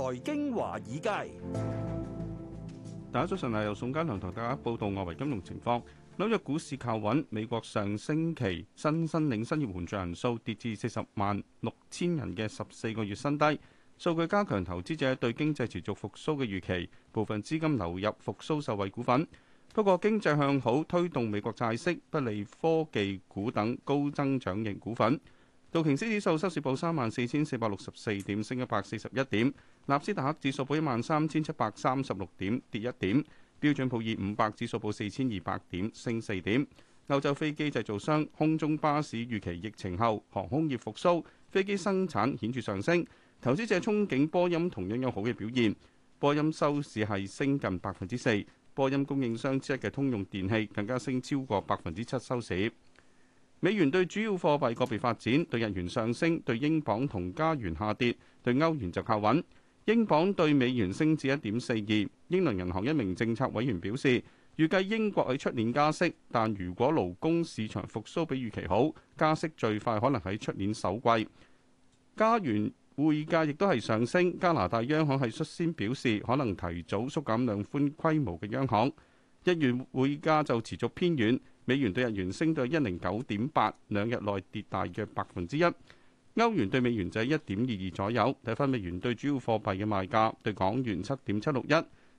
財經華爾街，大家早晨啊！由宋嘉良同大家報道外圍金融情況。紐約股市靠穩，美國上星期新申領失業援助人數跌至四十萬六千人嘅十四個月新低，數據加強投資者對經濟持續復蘇嘅預期，部分資金流入復蘇受惠股份。不過，經濟向好推動美國債息，不利科技股等高增長型股份。道瓊斯指數收市報三萬四千四百六十四點，升一百四十一點；納斯達克指數報一萬三千七百三十六點，跌一點；標準普爾五百指數報四千二百點，升四點。歐洲飛機製造商空中巴士預期疫情後航空業復甦，飛機生產顯著上升，投資者憧憬波音同樣有好嘅表現。波音收市係升近百分之四，波音供應商之一嘅通用電器更加升超過百分之七，收市。美元對主要貨幣個別發展，對日元上升，對英鎊同加元下跌，對歐元就靠穩。英鎊對美元升至一點四二。英倫銀行一名政策委員表示，預計英國喺出年加息，但如果勞工市場復甦比預期好，加息最快可能喺出年首季。加元匯價亦都係上升，加拿大央行係率先表示可能提早縮減量寬規模嘅央行。日元匯價就持續偏軟。美元兌日元升到一零九點八，兩日內跌大約百分之一。歐元對美元就係一點二二左右。睇翻美元對主要貨幣嘅賣價，對港元七點七六一，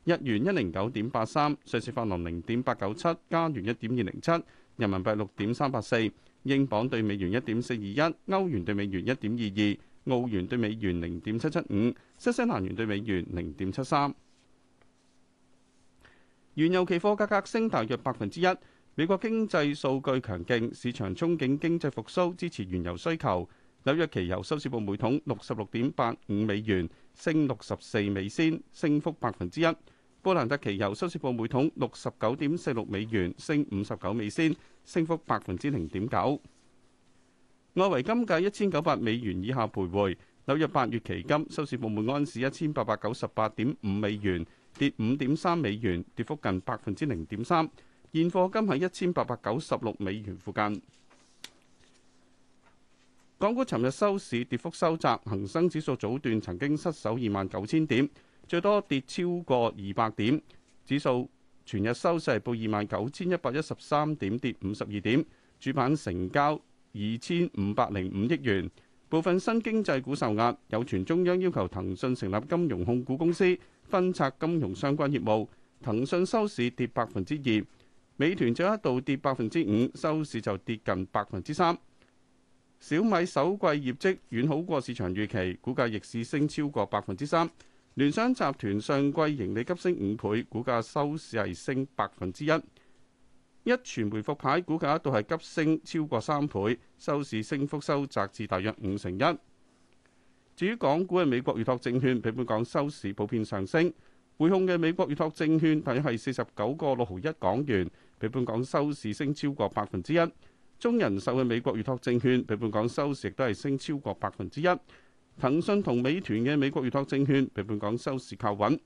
日元一零九點八三，瑞士法郎零點八九七，加元一點二零七，人民幣六點三八四，英鎊對美元一點四二一，歐元對美元一點二二，澳元對美元零點七七五，新西蘭元對美元零點七三。原油期貨價格升大約百分之一。美國經濟數據強勁，市場憧憬經濟復甦，支持原油需求。紐約期油收市報每桶六十六點八五美元，升六十四美仙，升幅百分之一。布蘭特期油收市報每桶六十九點四六美元，升五十九美仙，升幅百分之零點九。外圍金價一千九百美元以下徘徊。紐約八月期金收市報每安士一千八百九十八點五美元，跌五點三美元，跌幅近百分之零點三。現貨金喺一千八百九十六美元附近。港股尋日收市跌幅收窄，恆生指數早段曾經失守二萬九千點，最多跌超過二百點。指數全日收市報二萬九千一百一十三點，跌五十二點。主板成交二千五百零五億元。部分新經濟股受壓，有傳中央要求騰訊成立金融控股公司，分拆金融相關業務。騰訊收市跌百分之二。美團就一度跌百分之五，收市就跌近百分之三。小米首季業績遠好過市場預期，股價逆市升超過百分之三。聯想集團上季盈利急升五倍，股價收市係升百分之一。一傳媒復牌，股價一度係急升超過三倍，收市升幅收窄至大約五成一。至於港股嘅美國預託證券，比本港收市普遍上升。匯控嘅美國預託證券大約係四十九個六毫一港元，比本港收市升超過百分之一。中人壽嘅美國預託證券比本港收市亦都係升超過百分之一。騰訊同美團嘅美國預託證券比本港收市靠穩。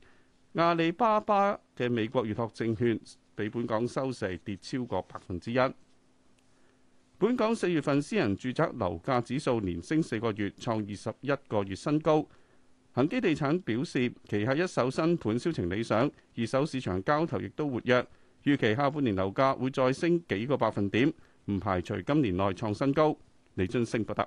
阿里巴巴嘅美國預託證券比本港收市跌超過百分之一。本港四月份私人住宅樓價指數連升四個月，創二十一個月新高。恒基地產表示，旗下一手新盤銷情理想，二手市場交投亦都活躍，預期下半年樓價會再升幾個百分點，唔排除今年內創新高。李津升不得。」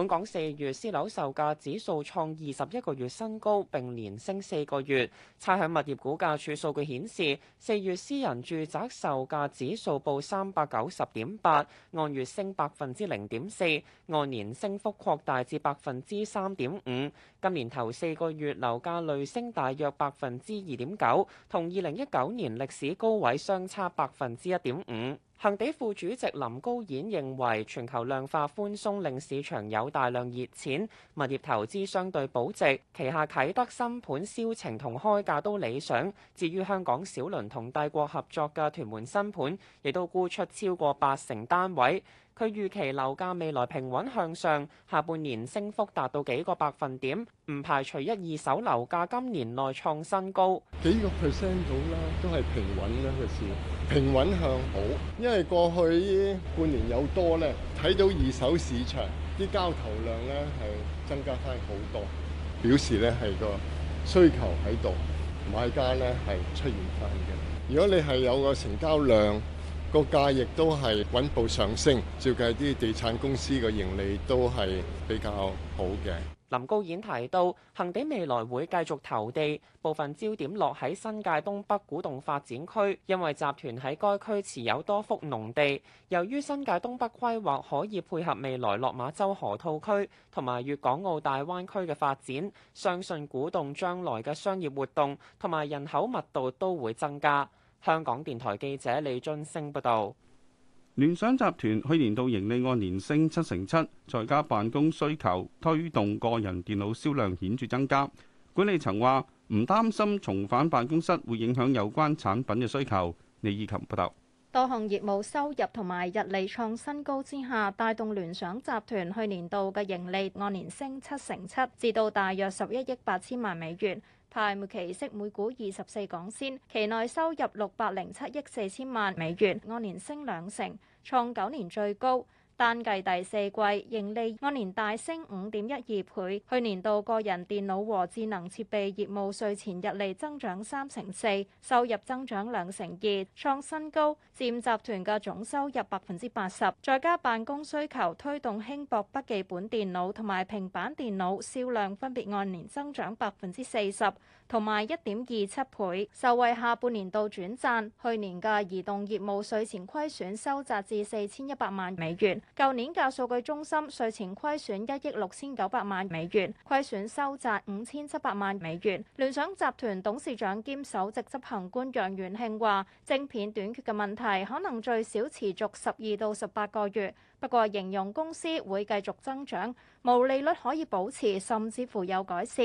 本港四月私樓售，售價指數創二十一個月新高，並連升四個月。差餉物業估價署數據顯示，四月私人住宅售價指數報三百九十點八，按月升百分之零點四，按年升幅擴大至百分之三點五。今年頭四個月樓價累升大約百分之二點九，同二零一九年歷史高位相差百分之一點五。恒地副主席林高演認為，全球量化寬鬆令市場有大量熱錢，物業投資相對保值。旗下啟德新盤銷情同開價都理想。至於香港小輪同帝國合作嘅屯門新盤，亦都沽出超過八成單位。佢預期樓價未來平穩向上，下半年升幅達到幾個百分點，唔排除一二手樓價今年內創新高。幾個 percent 到啦，都係平穩咁嘅事。平穩向好，因為過去呢半年有多呢，睇到二手市場啲交投量呢係增加翻好多，表示呢係個需求喺度，買家呢係出現翻嘅。如果你係有個成交量，個價亦都係穩步上升，照計啲地產公司個盈利都係比較好嘅。林高演提到，恒地未來會繼續投地，部分焦點落喺新界東北古洞發展區，因為集團喺該區持有多幅農地。由於新界東北規劃可以配合未來落馬洲河套區同埋粵港澳大灣區嘅發展，相信古洞將來嘅商業活動同埋人口密度都會增加。香港電台記者李津星報道。聯想集團去年度盈利按年升七成七，在家辦公需求推動個人電腦銷量顯著增加。管理層話唔擔心重返辦公室會影響有關產品嘅需求。李以琴報道，多項業務收入同埋溢利創新高之下，帶動聯想集團去年度嘅盈利按年升七成七，至到大約十一億八千萬美元。派末期息每股二十四港仙，期內收入六百零七億四千萬美元，按年升兩成，創九年最高。單計第四季盈利按年大升五點一二倍，去年度個人電腦和智能設備業務稅前溢利增長三成四，收入增長兩成二，創新高，佔集團嘅總收入百分之八十。再加辦公需求推動輕薄筆記本電腦同埋平板電腦銷量分別按年增長百分之四十。同埋一點二七倍，受惠下半年度轉賺。去年嘅移動業務稅前虧損收窄至四千一百萬美元。舊年嘅數據中心稅前虧損一億六千九百萬美元，虧損收窄五千七百萬美元。聯想集團董事長兼首席執行官楊元慶話：晶片短缺嘅問題可能最少持續十二到十八個月，不過形容公司會繼續增長，毛利率可以保持甚至乎有改善。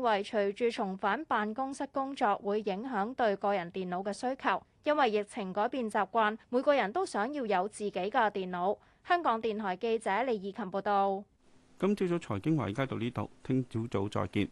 因為隨住重返辦公室工作，會影響對個人電腦嘅需求。因為疫情改變習慣，每個人都想要有自己嘅電腦。香港電台記者李以琴報道。今朝早財經華爾街到呢度，聽朝早再見。